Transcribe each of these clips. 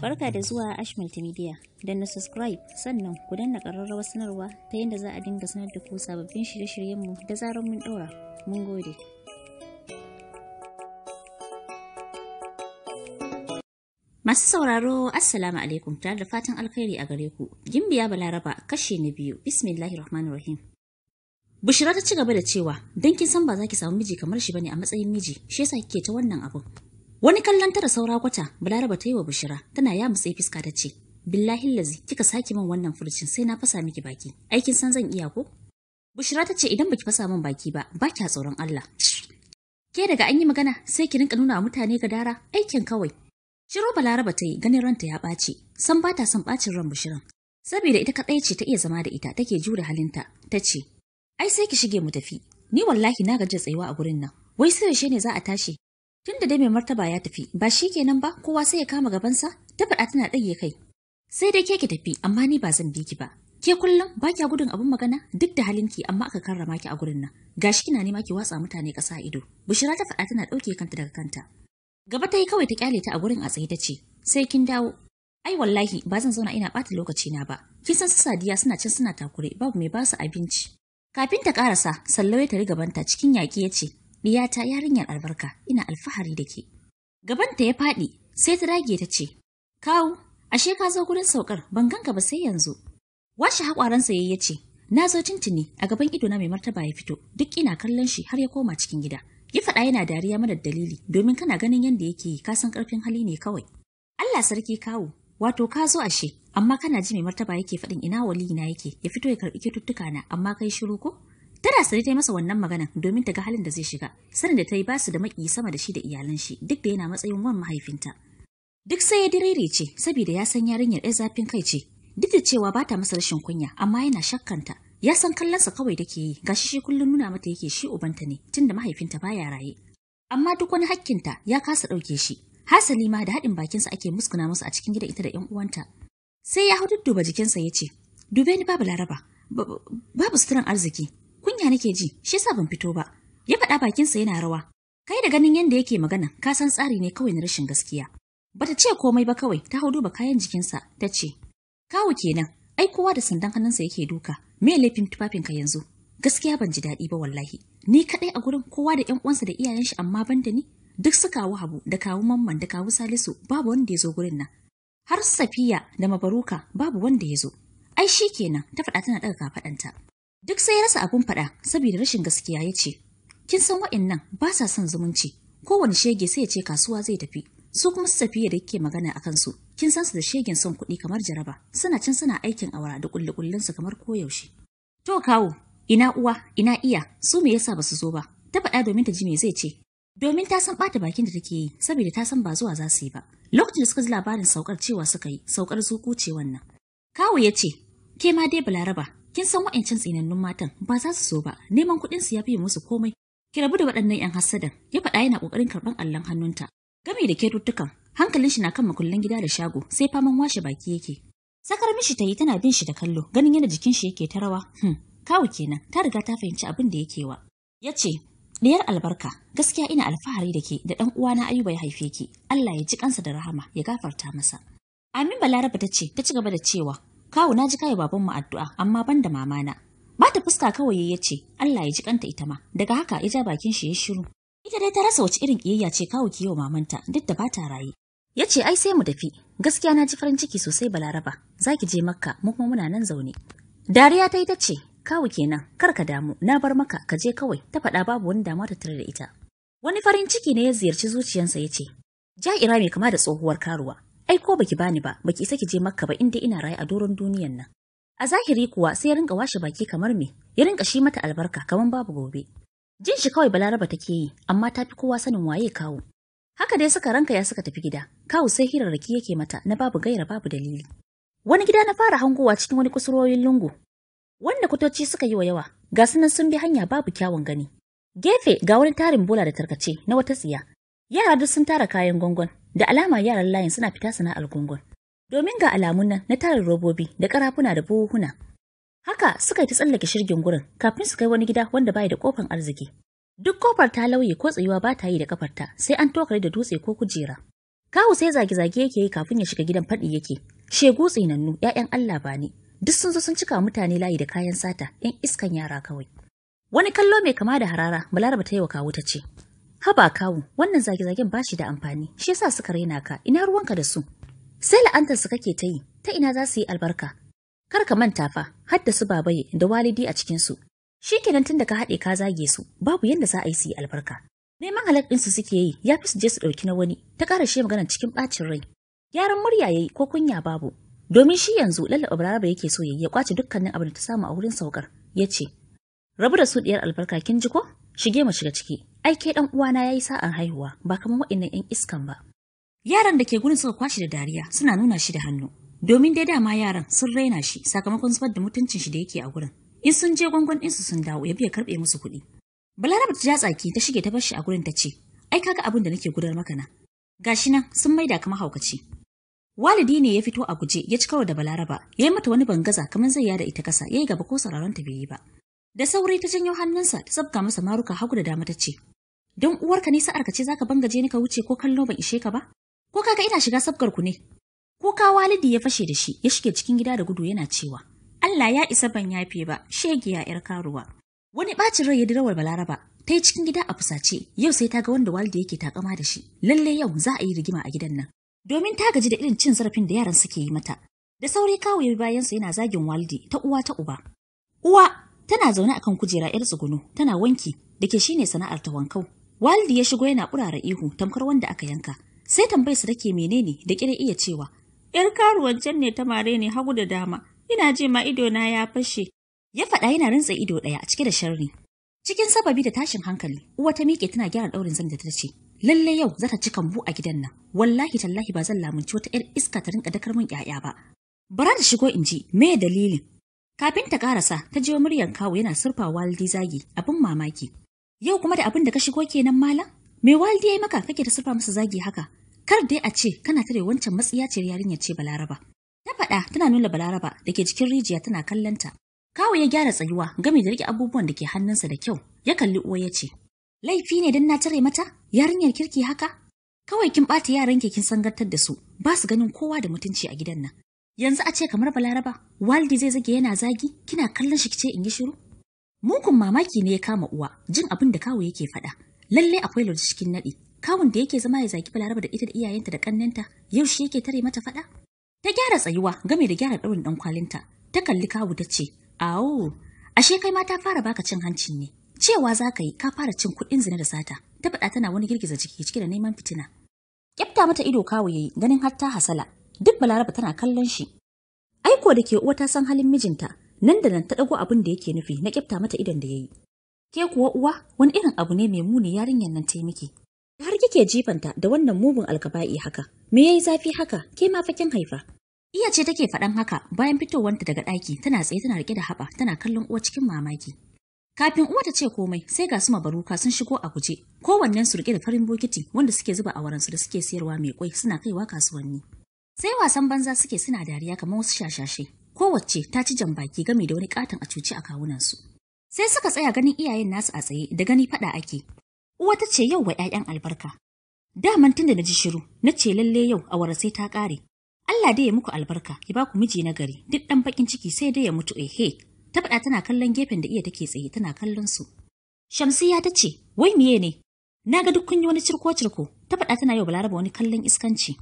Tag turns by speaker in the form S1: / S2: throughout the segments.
S1: Barka da zuwa Ash Multimedia. Don na subscribe sannan ku danna ƙararrawar sanarwa ta yadda za a dinga sanar da ku sababbin shirye-shiryenmu da zarar mun ɗora. Mun gode. Masu sauraro, Assalamu alaikum tare da fatan alkhairi a gare ku. Gimbiya Balaraba kashe na biyu. rahim Bushira ta ci gaba da cewa, don kin san ba za ki samu miji kamar shi bane a matsayin miji, shi yasa kike ta wannan abun. Wani kallon tara saura kwata, Balaraba ta yi wa bishira tana ya mutse fiska ta ce, Billahi lazi, kika sake min wannan furucin sai na fasa miki baki. Aikin san zan iya ko? Bushira ta ce idan baki fasa min baki ba, ba kya tsoron Allah. Ke daga an yi magana sai ki rinka nuna mutane mutane gadara, aikin kawai. Shiro Balaraba ta yi ganin ranta ya ɓaci, san ba ta son ɓacin ran Bushiran. Saboda ita kaɗai ce ta iya zama da ita take jure halinta, ta ce, Ai sai ki shige mu tafi, ni wallahi na gaji tsayuwa a gurin nan, wai sai yaushe ne za a tashi Tun da dai mai martaba ya tafi, ba shi kenan ba kowa sai ya kama gabansa, ta faɗa tana ɗage kai. Sai dai ke ki tafi, amma ni ba zan bi ki ba. Ke kullum ba kya gudun abin magana duk da halinki amma aka karrama ki a gurin nan. Gashi kina nema ki watsa mutane ƙasa ido. Bushira ta faɗa tana ɗauke kanta daga kanta. Gaba ta yi kawai ta kyale ta a gurin a tsaye ta ce, sai kin dawo. Ai wallahi ba zan zauna ina ɓata na ba. Kin san su Sadiya suna can suna takure babu mai basu abinci. Kafin ta ƙarasa, sallau ta tari gabanta cikin yaƙi ya ce, Diyata yarinyar albarka, ina alfahari da ke. Gabanta ya faɗi, sai ta dage ta ce, Kawu, ashe ka zo gurin saukar, ban ganka ba sai yanzu. Washe haƙwaransa ya ce, Na zo tintini a gaban ido na mai martaba ya fito, duk ina kallon shi har ya koma cikin gida. Ya faɗa yana dariya mara dalili, domin kana ganin yadda yake yi, ka san ƙarfin hali ne kawai. Allah sarki kawu, wato ka zo ashe, amma kana ji mai martaba yake faɗin ina wali na yake, ya fito ya karɓi kyaututtuka na, amma kai shiru ko? Tana sare ta yi masa wannan maganan domin ta ga halin da zai shiga. Sanin da ta yi ba su da maki sama da shi da iyalan shi duk da yana matsayin wan mahaifinta. Duk sai ya direre ce saboda ya san yarinyar ɗaya zafin kai ce. Duk da cewa ba ta masa rashin kunya amma yana shakkanta. Ya san kallonsa kawai take yi gashi shi kullum nuna mata yake shi ubanta ne tunda mahaifinta baya raye. Amma duk wani hakkinta ya kasa ɗauke shi. Hasali ma da haɗin bakinsa ake muskuna musu a cikin gida ita da ‘yan uwanta. Sai ya hau dudduba jikinsa ya ce, Dube ni babu laraba, babu suturan arziki, kunya nake ji, shi yasa ban fito ba. Ya faɗa bakinsa yana rawa. Kai da ganin yadda yake magana, ka san tsari ne kawai na rashin gaskiya. Bata ce komai ba kawai, ta hau duba kayan jikinsa, ta ce, Kawo kenan, ai kowa da sandan hannunsa yake duka, me laifin tufafin ka yanzu? Gaskiya ban ji daɗi ba wallahi. Ni kaɗai a gurin kowa da ƴan uwansa da iyayen shi amma ban da ni, duk su kawo Habu da kawo Mamman da kawo Salisu babu wanda ya zo gurin nan. Har Safiya da Mabaruka babu wanda ya zo. Ai shi kenan, ta faɗa tana ɗaga kafaɗanta. Duk sai ya rasa abin faɗa saboda rashin gaskiya ya ce, Kin san waɗannan ba sa son zumunci, kowane shege sai ya ce kasuwa zai tafi, su kuma su tafi da yake magana a kansu. Kin san su da shegen son kuɗi kamar jaraba, suna can suna aikin awara da ƙulle-ƙullensu kamar koyaushe. To kawo, ina uwa, ina iya, su me yasa ba su zo ba, ta faɗa domin ta ji me zai ce. Domin ta san ɓata bakin da take yi, saboda ta san ba zuwa za su yi ba. Lokacin da suka ji labarin saukar cewa suka yi, saukar zuku ce wannan. Kawo ya ce, ke ma dai balaraba, Kin san wa'ancin tsinannun matan ba za su so ba, neman kuɗin su ya fiye musu komai. Ki rabu da waɗannan 'yan hassadan, ya faɗa yana ƙoƙarin karɓar allon hannunta. Gami da ketuttukan, hankalin shi na kan makullin gida da shago, sai faman washe baki yake. Sakar mishi ta yi tana bin shi da kallo, ganin yana jikin shi yake ta rawa. Hmm, kawu kenan, ta riga ta fahimci abin da yake wa. Ya ce, Diyar albarka, gaskiya ina alfahari da ke da ɗan uwana Ayuba ya haife ki. Allah ya ji kansa da rahama ya gafarta masa. Amin Balaraba ta ce, ta ci gaba da cewa, kawu na ji kai babanmu addu'a amma ban da mamana ba ta fuska kawai ya ce Allah ya ji kanta ita ma daga haka ya ja bakin shi ya shiru ita dai ta rasa wace irin kiyayya ce kawu ki wa mamanta duk da ba ta raye ya ce ai sai mu tafi gaskiya na ji farin ciki sosai balaraba za ki je makka mu kuma muna nan zaune dariya ta yi ta ce kawu kenan kar ka damu na bar maka ka je kawai ta faɗa babu wani damuwa ta tare da ita wani farin ciki ne ya ziyarci zuciyarsa ya ce ja'ira mai kama da tsohuwar karuwa Ai ko baki bani ba, baki isa ki je Makka ba inda ina raye a doron duniyan nan. A zahiri kuwa sai ya rinka washe baki kamar me, ya rinka shi mata albarka kamar babu gobe. Jin shi kawai Balaraba take yi, amma tafi kowa sanin waye kawo. Haka dai suka ranka ya suka tafi gida, kawo sai hirarraki yake mata na babu gaira babu dalili. Wani gida na fara hangowa cikin wani kusurwoyin lungu. Wanda kutoci suka yi wa yawa, ga sunan sun bi hanya babu kyawun gani. Gefe ga wani tarin bola da tarkace na wata tsiya. Yara duk sun tara kayan gongon, Da alama yaran layin suna fita sana'ar gungun. Domin ga alamun nan na tarin robobi da karafuna da buhuhuna. Haka suka yi ta tsallake shirgin gurin kafin su kai wani gida wanda bai da kofan arziki. Duk kofar ta lauye ko tsayuwa ba ta yi da kafarta sai an tokare da dutse ko kujera. Kawu sai zage-zage yake yi kafin ya shiga gidan faɗi yake. Shegu tsinannu ‘ya'yan Allah ba ni. Duk sun zo sun cika mutane layi da kayan sata ‘yan iskan yara kawai. Wani kallo mai kama da harara Balaraba ta yi wa kawu ta ce, Haba kawu, wannan zage-zagen ba shi da amfani, shi yasa suka raina ka, ina ruwanka da su. Sai la'antar su kake ta yi, ta ina za su yi albarka. Kar ka manta fa, har da su babaye da walidi a cikinsu. Shi kenan tun da ka haɗe ka zage su, babu yadda za a yi su yi albarka. Neman halak su suke yi, ya fi su je su ɗauki na wani, ta ƙara shi magana cikin ɓacin rai. Yaran murya ya yi ko kunya babu, domin shi yanzu lallaba baraba yake so ya yi ya kwace dukkanin abin da ta samu a wurin saukar. Ya ce, Rabu da su ɗiyar albarka kin ji ko? Shige mu shiga ciki. Aike ɗan dan uwana yayi sa'an haihuwa ba kamar waɗannan 'yan iskan ba. Yaran da ke gurin suka kwashe da dariya suna nuna shi da hannu. Domin dai dama yaran sun raina shi sakamakon zubar da mutuncin shi da yake a gurin. In sun je gwangon ɗinsu sun dawo ya biya karɓe musu kuɗi. Balaraba ta ja tsaki ta shige ta bar shi a gurin ta ce, "Ai kaga abin da nake gudar maka na." Gashi nan sun maida kamar haukaci. Walidi ne ya fito a guje ya ci kawo da Balaraba, ya yi mata wani bangaza kamar zai yada ita kasa, ya yi gaba ko sauraron bai yi ba. Da sauri ta janyo hannunsa ta zabga masa maruka hagu da dama ta ce, Don uwarka ne sa'arka ce zaka bangaje ni ka wuce ko kallo ban ishe ka ba? Ko kaka ina shiga sabgar ku ne? Ko ka walidi ya fashe da shi ya shige cikin gida da gudu yana cewa, Allah ya isa ban yafe ba, shegiya ‘yar karuwa. Wani ɓacin rai ya dirawar Balaraba, ta yi cikin gida a fusace, yau sai ta ga wanda walida yake takama da shi, lalle yau za a yi rigima a gidan nan. Domin ta gaji da irin cin zarafin da yaran suke yi mata, da sauri kawo ya bayansa yana zagin walidi ta uwa ta uba. Uwa, Tana zaune akan kujera ‘yar tsugunu tana wanki, da ke shine sana'ar ta wankau. Walidi ya shigo yana kurara ihu tamkar wanda aka yanka. Sai tambayarsa take menene da kire iya cewa, ‘yar karuwan can ne ta mare ne hagu da dama, ina ji ma ido na ya fashe. Ya faɗa yana rantsa ido ɗaya a cike da sharri. Cikin sababi da tashin hankali, uwa ta miƙe tana gyara ɗaurin zan da ta ce, lalle yau za ta ci kambu a gidan nan wallahi tallahi ba zan lamunci wata 'yar iska ta rinka dakar mun 'ya'ya ba bara da shigo in ji me dalilin Kafin ta karasa, ta jiyo muryan kawo yana surfa waldi zagi, abin mamaki. Yau kuma da abin da ka shigo kenan malam? Me waldi yayi maka kake da surfa masa zagi haka? Kar dai a ce kana tare wancan matsiya ce, yarinyar ce Balaraba. Ta faɗa tana nuna Balaraba da ke cikin rijiya tana kallon ta Kawo ya gyara tsayuwa game da rike abubuwan da ke hannunsa da kyau. Ya kalli uwa ya ce, Laifi ne don na cire mata? Yarinyar kirki haka? Kawai kin ɓata yaran kin sangartar da su, ba su ganin kowa da mutunci a gidan nan. Yanzu a ce kamar Balaraba, walidi zai zage yana zagi, kina kallon shi kice in yi shiru? Mukun mamaki ne ya kama uwa, jin abin da kawo yake faɗa. Lalle akwai lodi cikin naɗi. Kawun da yake zama ya zagi Balaraba da ita da iyayenta da ƙannenta, yau shi yake tare mata faɗa? Ta gyara tsayuwa game da gyara ɗaurin ɗan kwalinta. Ta kalli kawu ta ce, "Awo, ashe kai ma ta fara baka cin hancin ne." Cewa za ka yi ka fara cin kuɗin zina da sata, ta faɗa tana wani girgiza ciki cike da neman fitina. Kyafta mata ido kawo yayi ganin har ta hasala, duk Balaraba tana kallon shi. Aiko da ke uwa ta san halin mijinta, nan da nan ta dago abin da yake nufi na kifta mata idan da ya yi. Ke kuwa uwa wani irin abu ne mai muni yarinyar nan ta yi miki. Har kike jifanta da wannan mugun alkaba'i haka, me yayi zafi haka, ke ma fakin haifa. Iya ce take faɗan haka bayan fitowanta daga ɗaki tana tsaye tana riƙe da haɓa tana kallon uwa cikin mamaki. Kafin uwa ta ce komai sai ga su baruka, sun shigo a guje, kowannen su rike da farin bokiti wanda suke zuba a waransu da suke siyarwa mai kwai suna kaiwa kasuwanni. Sai wasan banza suke suna dariya kamar wasu shashashe. Kowacce ta ci jan baki game da wani katon a cuci a su. Sai suka tsaya ganin iyayen nasu a tsaye da gani faɗa ake. Uwa ta ce yau wa 'ya'yan albarka. Daman tun da na ji shiru, na ce lalle yau awara sai ta ƙare. Allah dai ya muku albarka, ya ba ku miji na gari, duk ɗan bakin ciki sai dai ya mutu eh Ta faɗa tana kallon gefen da iya take tsaye tana kallon su. Shamsiya ta ce, wai miye ne? Na ga duk kun yi wani cirko-cirko, ta faɗa tana yau balaraba wani kallon iskanci.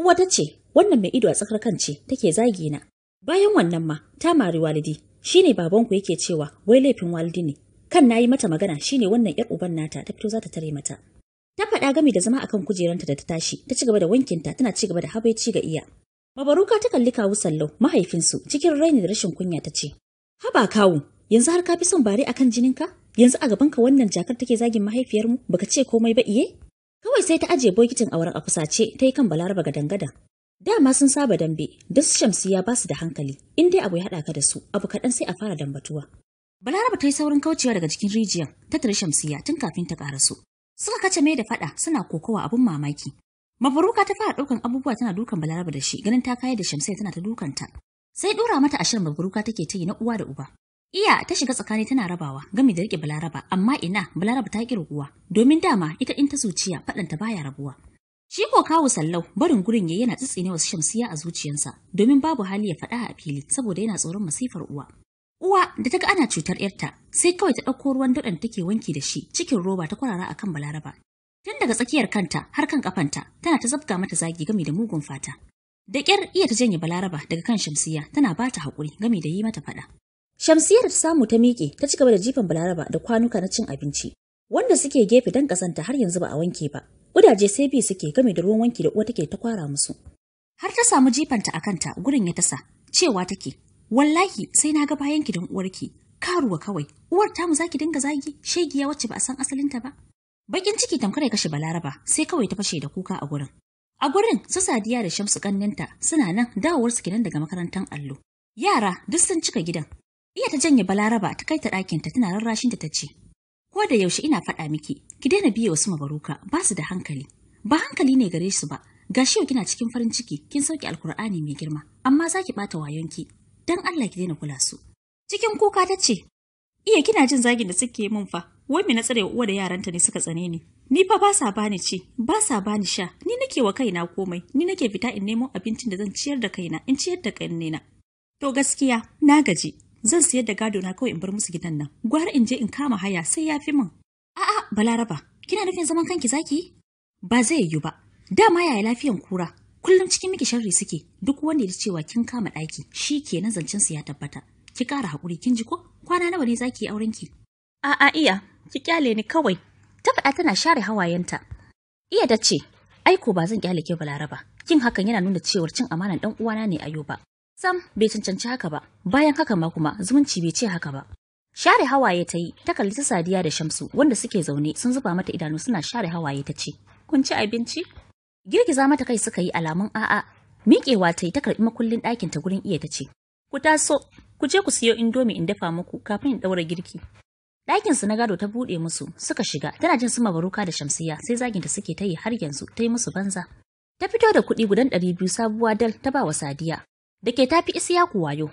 S1: Uwa ta ce, wannan mai ido a tsakar kan ce take zagi na bayan wannan ma ta mari walidi Shi shine babanku yake cewa wai laifin walidi ne kan na yi mata magana shine wannan yar uban nata ta fito za ta tare mata ta faɗa gami da zama akan kujeranta da ta tashi ta ci gaba da wankinta tana ci gaba da ci ga iya mabaruka ta kalli kawu sallau mahaifinsu cikin raini da rashin kunya ta ce haba kawu yanzu har ka fi son bare akan jininka yanzu a gaban ka wannan jakar take zagin mahaifiyarmu baka ce komai ba iye kawai sai ta ajiye bokitin auren a kusace ta yi kan balaraba ga dangada Dama sun saba dambe, duk shamsiya ba su da hankali, in dai abu ya haɗa ka da su, abu kaɗan sai a fara dambatuwa. Balaraba ta yi saurin kaucewa daga cikin rijiyar, ta tare shamsiya tun kafin ta su. Suka kace mai da faɗa suna kokowa abin mamaki. Mafaruka ta fara ɗaukan abubuwa tana dukan Balaraba da shi, ganin ta kayar da shamsiya tana ta dukanta. Sai ɗora mata a shan mafaruka take ta yi na uwa da uba. Iya ta shiga tsakani tana rabawa gami da rike Balaraba amma ina Balaraba ta ki rabuwa domin dama ita in ta zuciya faɗanta baya rabuwa. Shi ko kawo sallau barin gurin yayi yana tsitsine wasu shamsiya a zuciyarsa domin babu hali ya faɗa a fili saboda yana tsoron masifar uwa. Uwa da ta ga ana cutar ‘yarta sai kawai ta ɗauko ruwan da take wanki da shi cikin roba ta kwarara a kan balaraba. Tun daga tsakiyar kanta har kan kafanta tana ta zabga mata zagi gami da mugun fata. Da ƙyar iya ta janye balaraba daga kan shamsiya tana ba ta haƙuri gami da yi mata faɗa. Shamsiya da ta samu ta miƙe ta ci gaba da jifan balaraba da kwanuka na cin abinci wanda suke gefe don ƙazanta har yanzu ba a wanke ba Ƙudaje sai bi suke game da ruwan wanki da uwa take ta kwara musu. Har ta samu jifanta a kanta gurin ya tasa, cewa take, wallahi sai na ga bayan ki don uwarki, karuwa kawai, uwar mu zaki dinga zagi, shegiya wacce ba a san asalinta ba. Bakin ciki tamkar ya kashe Balaraba, sai kawai ta fashe da kuka a gurin. A gurin su Sadiya da Shamsu kanninta suna nan dawowar su kenan daga makarantar allo. Yara duk sun cika gidan. Iya ta janye Balaraba ta kai ta ɗakinta tana rarrashinta ta ce, Ko da yaushe ina faɗa miki, ki daina biye wasu mabaruka, ba su da hankali. Ba hankali ne gare su ba, Ga shi yau kina cikin farin ciki, kin sauke alkur'ani mai girma, amma za ki ɓata wayonki, dan Allah ki daina kula su. Cikin kuka ta ce, Iya kina jin zagin da suke min fa, wai me na tsare uwa da yaranta ne suka tsane ni. Ni fa ba sa bani ci, ba sa bani sha, ni nake wa kaina komai, ni nake fita in nemo abincin da zan ciyar da kaina, in ciyar da na. To gaskiya, na gaji, zan siyar da gado na kawai in bar musu gidan nan Gwar in je in kama haya sai ya fi min a'a balaraba kina nufin zaman kanki zaki ba zai yiwu ba dama yaya lafiyan kura kullum cikin miki sharri suke duk wanda ya cewa kin kama ɗaki shi kenan zancen su ya tabbata ki ƙara haƙuri kin ji ko kwana nawa ne zaki yi auren ki a'a iya ki kyale ni kawai ta faɗa tana share hawayenta iya da ce aiko ba zan kyale ke balaraba Kin hakan yana nuna cewar cin amanan dan uwana ne yau ba Sam bai cancanci haka ba, bayan haka ma kuma zumunci bai ce haka ba. Share hawaye ta yi, ta kalli ta Sadiya da Shamsu wanda suke zaune sun zuba mata idanu suna share hawaye ta ce, Kun ci abinci? Girgiza mata kai suka yi alamun a'a. Miƙewa ta yi ta karɓi makullin ɗakin ta gurin iya ta ce, Ku taso, ku je ku siyo indomi in dafa muku kafin in ɗaura girki. Ɗakin su na gado ta buɗe musu, suka shiga, tana jin su mabaruka da shamsiya sai zagin da suke ta yi har yanzu ta yi musu banza. Ta fito da kuɗi gudan ɗari biyu sabuwa dal ta ba wa Sadiya, da ke tafi Isiyaku wayo.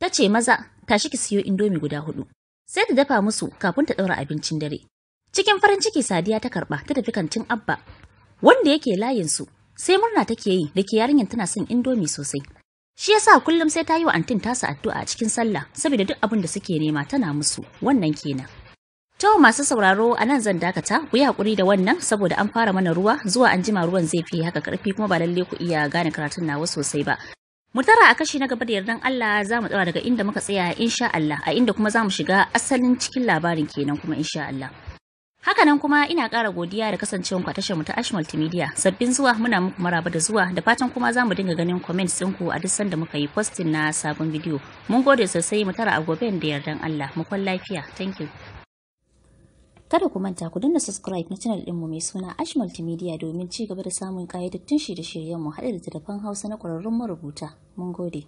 S1: Ta ce maza, tashi ki siyo indomi guda hudu. Sai ta dafa musu kafin ta ɗaura abincin dare. Cikin farin ciki Sadiya ta karɓa ta tafi kantin Abba, wanda yake layinsu, sai murna take yi da ke yarinyar tana son indomi sosai. Shi ya sa kullum sai ta yi wa antin tasa addu'a a cikin sallah saboda duk abin da suke nema tana musu wannan kenan. To masu sauraro a nan zan dakata ku yi hakuri da wannan saboda an fara mana ruwa zuwa an jima ruwan zai fi haka ƙarfi kuma ba lalle ku iya gane karatun nawa sosai ba. Murtara a kashi na gaba da yardan Allah za mu tsara daga inda muka tsaya insha Allah a inda kuma za mu shiga asalin cikin labarin kenan kuma insha Allah. Hakanan kuma ina ƙara godiya da kasancewanku a tashar mu ta Ash Multimedia. Sabbin zuwa muna muku maraba da zuwa da fatan kuma za mu dinga ganin comments ɗinku a duk sanda muka yi posting na sabon bidiyo. Mun gode sosai mu tara a gobe da yardan Allah. Mu kwan lafiya. Thank you. Kada ku manta ku danna subscribe na channel ɗinmu mai suna Ash Multimedia domin ci gaba da samun ƙayyadattun shirye-shiryenmu haɗe da tafan Hausa na ƙwararrun marubuta. Mun gode.